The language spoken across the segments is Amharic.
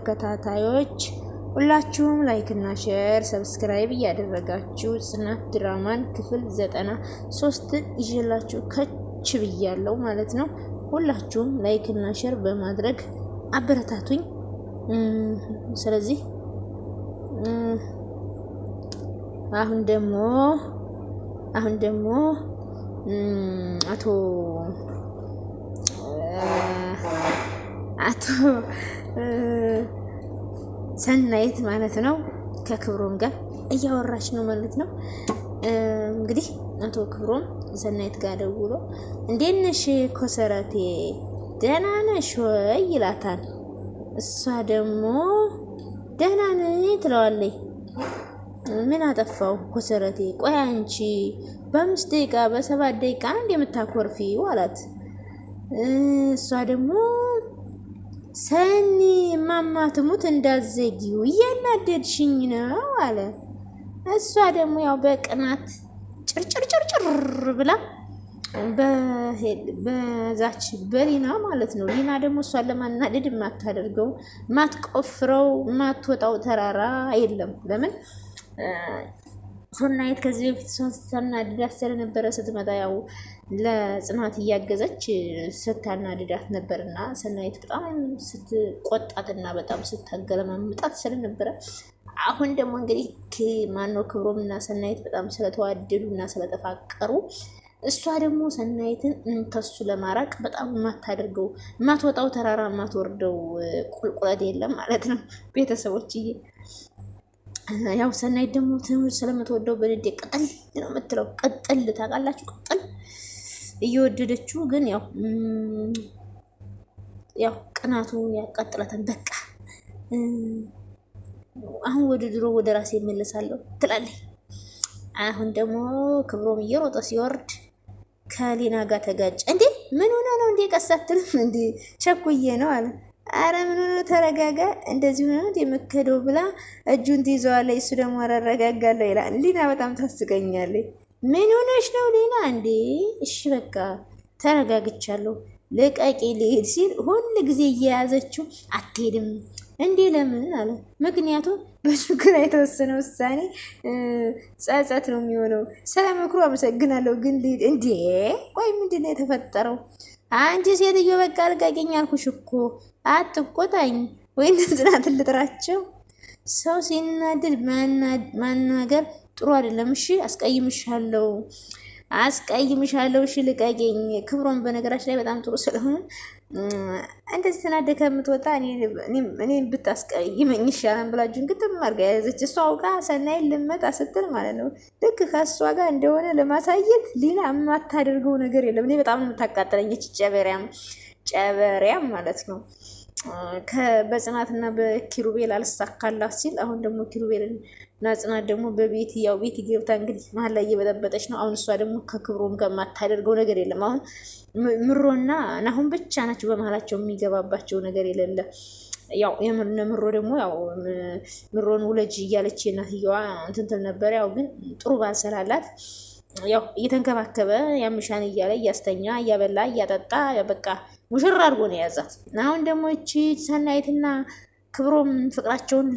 ተከታታዮች ሁላችሁም ላይክ እና ሼር ሰብስክራይብ እያደረጋችሁ ጽናት ድራማን ክፍል ዘጠና ሶስትን ይዤላችሁ ከች ብያለው ማለት ነው። ሁላችሁም ላይክ እና ሼር በማድረግ አበረታቱኝ። ስለዚህ አሁን ደግሞ አሁን ደግሞ አቶ አቶ ሰናይት ማለት ነው ከክብሮም ጋር እያወራች ነው ማለት ነው። እንግዲህ አቶ ክብሮም ሰናይት ጋር ደውሎ እንዴት ነሽ ኮሰረቴ ደህና ነሽ ወይ ይላታል። እሷ ደግሞ ደህና ነኝ ትለዋለች። ምን አጠፋው ኮሰረቴ? ቆይ አንቺ በአምስት ደቂቃ በሰባት ደቂቃ ነው አላት። እሷ ደግሞ ሰኒ ማማትሙት እንዳዘጊው እያናደድሽኝ ነው አለ። እሷ ደግሞ ያው በቅናት ጭርጭርጭርጭር ብላ በዛች በሊና ማለት ነው። ሊና ደግሞ እሷን ለማናደድ የማታደርገው ማትቆፍረው ማትወጣው ተራራ የለም። ለምን ሶናይት ከዚህ በፊት ስታናድዳት ስለነበረ ስትመጣ ያው ለጽናት እያገዘች ስታናድዳት ነበርና ሶናይት በጣም ስትቆጣትና በጣም ስታገለማምጣት ስለነበረ አሁን ደግሞ እንግዲህ ማነው ክብሮም እና ሰናይት በጣም ስለተዋደዱ እና ስለተፋቀሩ እሷ ደግሞ ሰናይትን ከሱ ለማራቅ በጣም የማታደርገው የማትወጣው ተራራ የማትወርደው ቁልቁለት የለም ማለት ነው ቤተሰቦችዬ። ያው ሰናይት ደግሞ ትምህርት ስለምትወደው በንዴ ቅጥል ነው የምትለው። ቅጥል ታውቃላችሁ፣ ቅጥል እየወደደችው ግን ያው ያው ቅናቱ ያቃጥላታል። በቃ አሁን ወደ ድሮ ወደ ራሴ እመለሳለሁ ትላለች። አሁን ደግሞ ክብሮም እየሮጠ ሲወርድ ከሌና ጋር ተጋጨ። እንዴ ምን ሆነ ነው እንዴ? ቀሳትልም እንዴ ቸኩዬ ነው አለ አረ ምን ሆኖ ተረጋጋ፣ እንደዚህ ሆኖ የምከደው ብላ እጁን ትይዘዋለች። እሱ ደግሞ አረጋጋለሁ ይላል። ሊና በጣም ታስቀኛለች። ምን ሆነሽ ነው ሊና? እንዴ እሺ በቃ ተረጋግቻለሁ፣ ልቀቂ ልሄድ ሲል ሁል ጊዜ እየያዘችው አትሄድም እንዴ ለምን አለ። ምክንያቱም በችግር የተወሰነ ውሳኔ ጸጸት ነው የሚሆነው። ስለምክሩ አመሰግናለሁ፣ ግን ልሄድ። እንዴ ቆይ ምንድን ነው የተፈጠረው? አንቺ ሴትዮ በቃ ልቀቂኝ አልኩሽ እኮ አትቆጣኝ ወይ ጽናት ልጥራቸው። ሰው ሲናደድ ማናገር ጥሩ አይደለም። እሺ አስቀይምሻለሁ አስቀይምሻለሁ እሺ ልቀቂኝ። ክብሮም በነገራችን ላይ በጣም ጥሩ ስለሆነ እንደዚህ ተናደ ከምትወጣ እኔም ብታስቀይመኝ ይሻላል ብላችሁ ግጥም አድርጋ የያዘች እሷ አውቃ ሰናይን ልመጣ ስትል ማለት ነው። ልክ ከእሷ ጋር እንደሆነ ለማሳየት ሌላ የማታደርገው ነገር የለም። እኔ በጣም ነው የምታቃጥለኝ ጨበሪያም ጨበሪያም ማለት ነው። በጽናትና በኪሩቤል አልሳካላት ሲል አሁን ደግሞ ኪሩቤልና ጽናት ደግሞ በቤት ያው ቤት ገብታ እንግዲህ መሀል ላይ እየበጠበጠች ነው። አሁን እሷ ደግሞ ከክብሮም ጋር የማታደርገው ነገር የለም። አሁን ምሮና ናሁን ብቻ ናቸው በመሀላቸው የሚገባባቸው ነገር የሌለ ያው የምርነ ምሮ ደግሞ ያው ምሮን ውለጅ እያለች እናትየዋ እንትን ነበር። ያው ግን ጥሩ ባል ያው እየተንከባከበ ያምሻን እያለ እያስተኛ እያበላ እያጠጣ በቃ ሙሽራ አድርጎ ነው የያዛት። አሁን ደግሞ እቺ ሰናይትና ክብሮም ፍቅራቸውን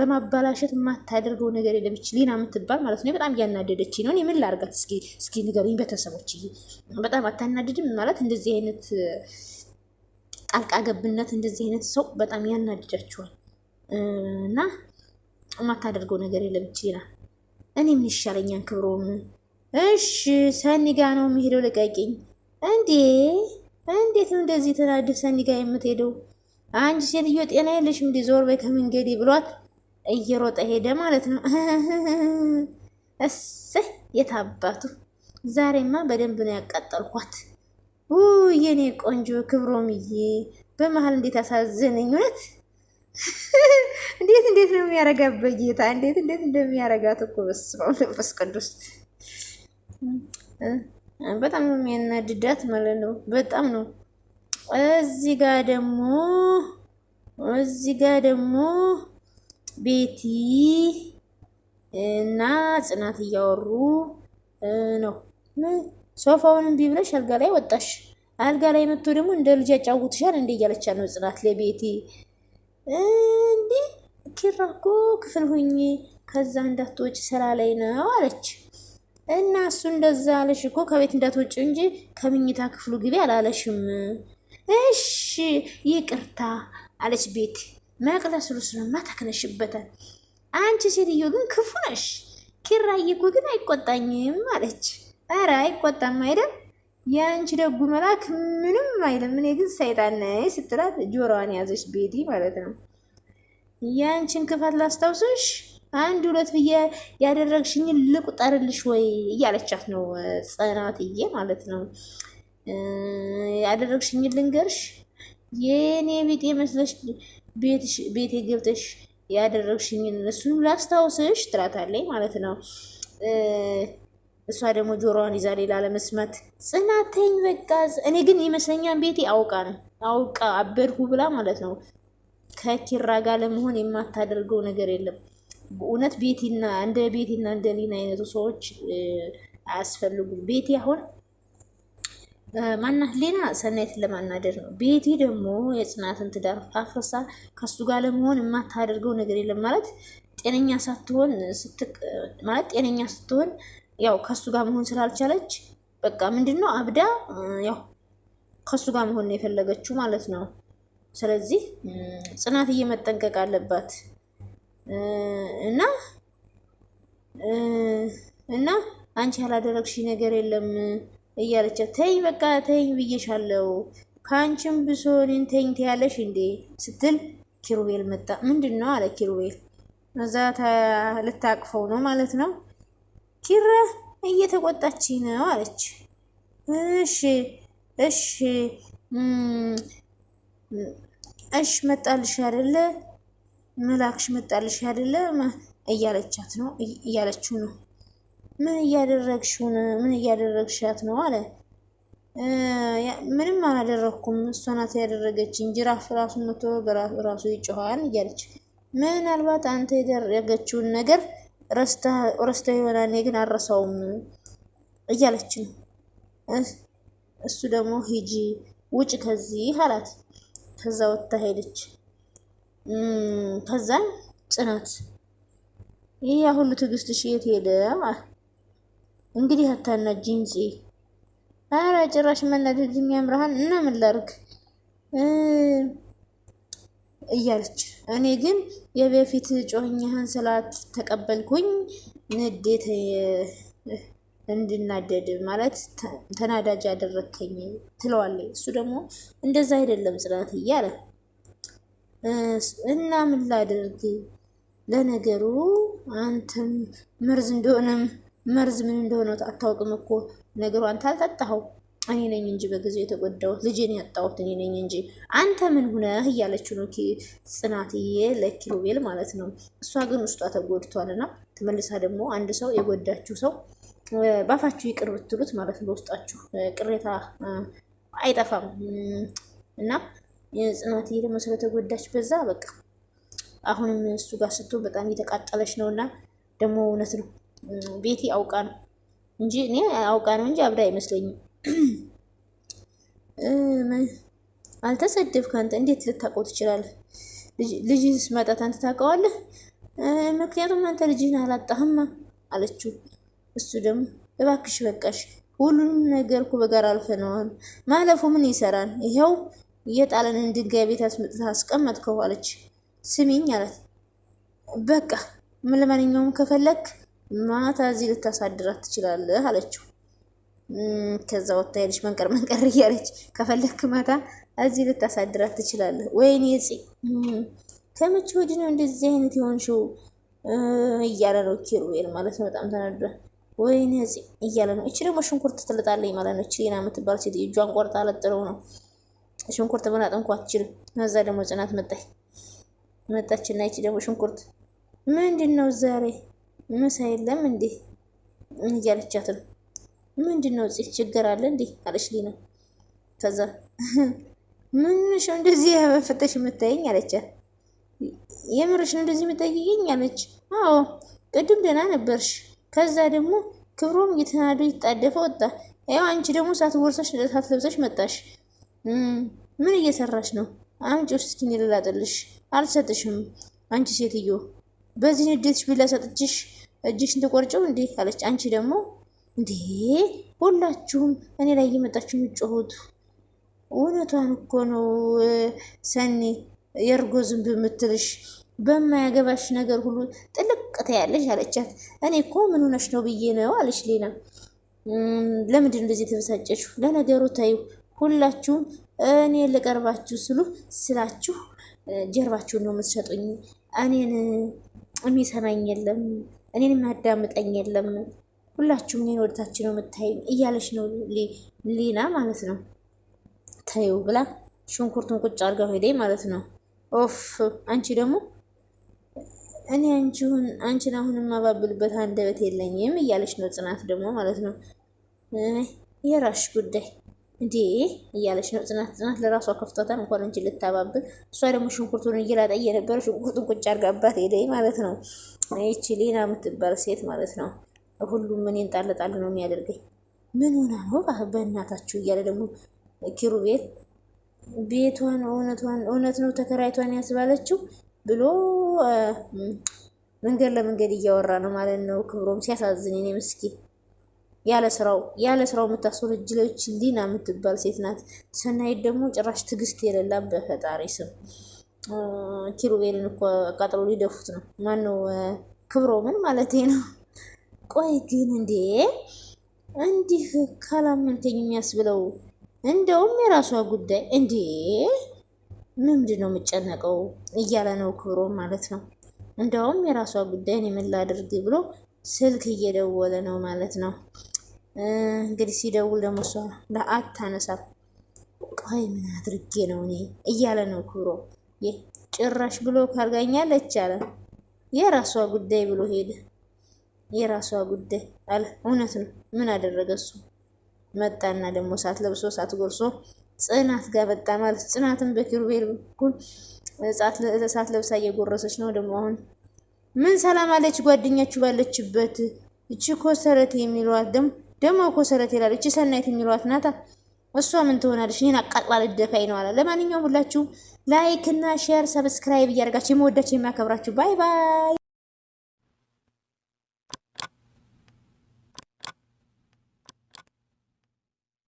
ለማባላሸት የማታደርገው ነገር የለም። እች ሊና የምትባል ማለት ነው በጣም እያናደደች ነው። ምን ላርጋት እስኪ እስኪ ንገሩኝ ቤተሰቦች። በጣም አታናድድም ማለት እንደዚህ አይነት ጣልቃ ገብነት እንደዚህ አይነት ሰው በጣም ያናድዳችኋል እና የማታደርገው ነገር የለም እች ሊና እኔ ምን ይሻለኛን? ክብሮም እሺ ሰኒ ጋ ነው የሚሄደው። ልቀቂኝ። እንዴ እንዴት ነው እንደዚህ ተናደህ ሰኒ ጋ የምትሄደው? አንቺ ሴትዮ ጤና የለሽም። እንዲ ዞር በይ ከመንገዴ ብሏት እየሮጠ ሄደ ማለት ነው። እስ የታባቱ ዛሬማ በደንብ ነው ያቃጠልኳት። ውይ የኔ ቆንጆ ክብሮምዬ፣ በመሀል እንዴት አሳዘነኝ እውነት እንዴት እንዴት ነው የሚያረጋ በጌታ እንዴት እንዴት እንደሚያረጋት እኮ በስመ አብ መንፈስ ቅዱስ በጣም ነው የሚያናድዳት ማለት ነው። በጣም ነው። እዚህ ጋ ደግሞ እዚህ ጋ ደግሞ ቤቲ እና ጽናት እያወሩ ነው። ሶፋውን ቢብለሽ አልጋ ላይ ወጣሽ፣ አልጋ ላይ መጥቶ ደግሞ እንደ ልጅ ያጫውትሻል እንደ እያለቻት ነው ጽናት ለቤቲ እንዲህ ኪራ እኮ ክፍል ሁኚ ከዛ እንዳትወጪ ስራ ላይ ነው አለች። እና እሱ እንደዛ አለሽ እኮ ከቤት እንዳትወጪ እንጂ ከምኝታ ክፍሉ ግቢ አላለሽም። እሺ ይቅርታ አለች። ቤት መቅለስ ሩስንማ ተክለሽበታል። አንቺ ሴትዮ ግን ክፉ ነሽ። ኪራዬ እኮ ግን አይቆጣኝም አለች። ኧረ አይቆጣም አይደል የአንቺ ደጉ መልአክ ምንም አይልም። እኔ ግን ሰይጣን ስትላት ጆሮዋን ያዘች ቤቲ ማለት ነው። ያንቺን ክፋት ላስታውስሽ አንድ ሁለት ብዬ ያደረግሽኝን ልቁጠርልሽ ወይ እያለቻት ነው ጽናትዬ ማለት ነው። ያደረግሽኝ ልንገርሽ የእኔ ቤት የመስለሽ ቤቴ ገብተሽ ያደረግሽኝን እሱን ላስታውስሽ ትላታለች ማለት ነው። እሷ ደግሞ ጆሮዋን ይዛ ሌላ ለመስማት ጽናተኝ በቃ እኔ ግን ይመስለኛል ቤቴ አውቃ ነው አውቃ አበድኩ ብላ ማለት ነው ከኪራ ጋር ለመሆን የማታደርገው ነገር የለም። እውነት ቤቲና እንደ ቤቲና እንደ ሊና አይነቱ ሰዎች አያስፈልጉም። ቤቲ አሁን ማና ሌና ሰናይትን ለማናደር ነው። ቤቲ ደግሞ የጽናትን ትዳር አፍርሳ ከሱ ጋር ለመሆን የማታደርገው ነገር የለም ማለት ጤነኛ ሳትሆን ማለት ጤነኛ ስትሆን ያው ከሱ ጋር መሆን ስላልቻለች በቃ ምንድን ነው አብዳ ያው ከሱ ጋር መሆን ነው የፈለገችው ማለት ነው። ስለዚህ ጽናትዬ መጠንቀቅ አለባት እና እና አንቺ ያላደረግሽ ነገር የለም እያለች ተይ በቃ ተይኝ ብዬሻለሁ ከአንቺም ብሶ እኔን ተይኝ ትያለሽ እንዴ ስትል ኪሩቤል መጣ። ምንድን ነው አለ ኪሩቤል። እዛ ልታቅፈው ነው ማለት ነው። ኪራ እየተቆጣች ነው አለች። እሺ እሺ እሽ መጣልሽ አይደለ መላክሽ መጣልሽ አይደለ እያለቻት ነው እያለችው ነው። ምን እያደረግሽውን ምን እያደረግሻት ነው አለ። ምንም አላደረግኩም፣ እሷ ናት ያደረገችኝ። ጅራፍ ራሱ መቶ በራሱ ይጮኋል እያለች ምናልባት አንተ የደረገችውን ነገር ረስታ ይሆናል፣ እኔ ግን አረሳውም እያለች ነው። እሱ ደግሞ ሂጂ ውጭ ከዚህ አላት። ከዛ ወጥታ ሄደች። ከዛ ጽናት ይሄ ያ ሁሉ ትዕግስትሽ የት ሄደ? እንግዲህ አታና ጂንጽ አረ ጭራሽ መናደድ የሚያምርሃን እና ምን ላርግ እያለች እኔ ግን የበፊት ጮኸኛህን ስላት ተቀበልኩኝ ንዴት እንድናደድ ማለት ተናዳጅ ያደረከኝ ትለዋለ። እሱ ደግሞ እንደዛ አይደለም ጽናት እያለ እና ምን ላድርግ ለነገሩ አንተም መርዝ እንደሆነም መርዝ ምን እንደሆነ አታውቅም እኮ ነገሩ አንተ አልጠጣኸው እኔ ነኝ እንጂ በጊዜው የተጎዳሁት ልጄን ያጣሁት እኔ ነኝ እንጂ አንተ ምን ሁነህ እያለችው ነው ጽናትዬ ለኪሎቤል ማለት ነው። እሷ ግን ውስጧ ተጎድቷልና ተመልሳ ደግሞ አንድ ሰው የጎዳችው ሰው ባፋችሁ ይቅር ብትሉት ማለት በውስጣችሁ ቅሬታ አይጠፋም እና ጽናትዬ ደግሞ ስለተጎዳች በዛ በቃ አሁንም እሱ ጋር ስትሆን በጣም እየተቃጠለች ነው። እና ደግሞ እውነት ነው ቤቲ አውቃ ነው እንጂ እኔ አውቃ ነው እንጂ አብዳ አይመስለኝም። አልተሰደብ አንተ እንዴት ልታውቀው ትችላለህ? ልጅህን ስመጣት አንተ ታውቀዋለህ። ምክንያቱም አንተ ልጅህን አላጣህማ አለችው። እሱ ደግሞ እባክሽ በቃሽ፣ ሁሉንም ነገር እኮ በጋራ አልፈነዋል። ማለፉ ምን ይሰራል? ይኸው የጣለንን ድንጋይ ቤት አስመጥተህ አስቀመጥከው አለች። ስሚኝ አላት። በቃ ምን ለማንኛውም ከፈለክ ማታ እዚህ ልታሳድራት ትችላለህ አለችው። ከዛ ወታ ሄደች መንቀር መንቀር እያለች ከፈለክ ማታ እዚህ ልታሳድራት ትችላለህ። ወይኔ ፅ ከመቼ ወዲህ ነው እንደዚህ አይነት የሆንሽው? እያለ ነው ኪሩቤል ማለት ነው። በጣም ተናዷል። ወይኔ እያለ ነው። እቺ ደግሞ ሽንኩርት ትልጣለኝ ማለት ነው። እቺ ሌና የምትባል ሴት እጇን ቆርጣ አለጥረው ነው ሽንኩርት ብናጥ እንኳ አትችልም። ከዛ ደግሞ ጽናት መጣች መጣችና ይቺ ደግሞ ሽንኩርት ምንድን ነው ዛሬ ምሳ የለም እንዴ እያለቻት ነው። ምንድን ነው ጽ ችግር አለ እንዴ አለች ሊና። ከዛ ምንሽ እንደዚህ ያበፈተሽ የምታየኝ አለቻት። ነው እንደዚህ የምታየኝ አለች። አዎ ቅድም ደህና ነበርሽ ከዛ ደግሞ ክብሩም እየተናዱ እየተጣደፈ ወጣ። ያው አንቺ ደግሞ ሳት ሳትለብሰሽ መጣሽ። ምን እየሰራሽ ነው? አንቺ ውስጥ እስኪ ልላጥልሽ። አልሰጥሽም። አንቺ ሴትዮ በዚህ ንዴትሽ ቢላ ሰጥችሽ እጅሽን ተቆርጨው እንዴ አለች። አንቺ ደግሞ እንዴ ሁላችሁም እኔ ላይ እየመጣችሁ የምትጮሁት እውነቷን እኮ ነው ሰኒ የእርጎ ዝንብ የምትልሽ በማያገባሽ ነገር ሁሉ ጥልቅ ትያለሽ አለቻት። እኔ እኮ ምን ሆነሽ ነው ብዬ ነው አለች ሌና። ለምንድን እንደዚህ ተበሳጨችሁ? ለነገሩ ታዩ ሁላችሁም እኔ ልቀርባችሁ ስሉ ስላችሁ ጀርባችሁን ነው የምትሰጡኝ። እኔን የሚሰማኝ የለም፣ እኔን የሚያዳምጠኝ የለም። ሁላችሁም እኔን ወደታችን ነው የምታይኝ እያለች ነው ሊና ማለት ነው። ታዩ ብላ ሽንኩርቱን ቁጭ አድርጋ ሄደ ማለት ነው። ኦፍ አንቺ ደግሞ እኔ አንቺን አሁን ማባብልበት አንደበት የለኝም እያለች ነው ጽናት ደግሞ ማለት ነው። የራሽ ጉዳይ እንዴ እያለች ነው ጽናት። ጽናት ለራሷ ከፍቷታል እንኳን እንጂ ልታባብል። እሷ ደግሞ ሽንኩርቱን እየላጠ እየነበረ ሽንኩርቱን ቁጭ አርጋባት ሄደኝ ማለት ነው። ይቺ ሌና የምትባል ሴት ማለት ነው። ሁሉም ምን ጣል ነው የሚያደርገኝ። ምን ሆና ነው በእናታችሁ እያለ ደግሞ ኪሩቤል ቤቷን እውነቷን እውነት ነው ተከራይቷን ያስባለችው ብሎ መንገድ ለመንገድ እያወራ ነው ማለት ነው። ክብሮም ሲያሳዝን እኔ ምስኪን ያለ ስራው ያለ ስራው የምታስወር እጅ ሊና የምትባል ሴት ናት። ሰናይት ደግሞ ጭራሽ ትግስት የሌላ በፈጣሪ ስም ኪሩቤልን እኮ አቃጥሎ ሊደፉት ነው። ማነው ክብሮምን ማለት ነው። ቆይ ግን እንዴ እንዲህ ካላመንከኝ የሚያስብለው እንደውም የራሷ ጉዳይ እንዴ ምንድን ነው የምጨነቀው እያለ ነው ክብሮ ማለት ነው። እንደውም የራሷ ጉዳይ እኔ ብሎ ስልክ እየደወለ ነው ማለት ነው። እንግዲህ ሲደውል ደግሞ እሷ አታነሳም። ቆይ ምን አድርጌ ነው እኔ እያለ ነው ክብሮም። ጭራሽ ብሎ ካልጋኛለች አለ። የራሷ ጉዳይ ብሎ ሄደ። የራሷ ጉዳይ አለ። እውነት ነው። ምን አደረገ እሱ መጣና ደግሞ ሳት ለብሶ ሳት ጎርሶ ጽናት ጋር በጣ ማለት ጽናትን በኪሩቤል በኩል እሳት ለብሳ እየጎረሰች ነው። ደግሞ አሁን ምን ሰላም አለች ጓደኛችሁ ባለችበት። እቺ ኮሰረት የሚሏት ደግሞ ኮሰረት ይላል። እቺ ሰናይት የሚሏት ናታ። እሷ ምን ትሆናለች? እኔን አቃጥላ ልደፋኝ ነው አለ። ለማንኛውም ሁላችሁም ላይክ እና ሼር፣ ሰብስክራይብ እያደርጋችሁ የምወዳችሁ የማከብራችሁ ባይ ባይ።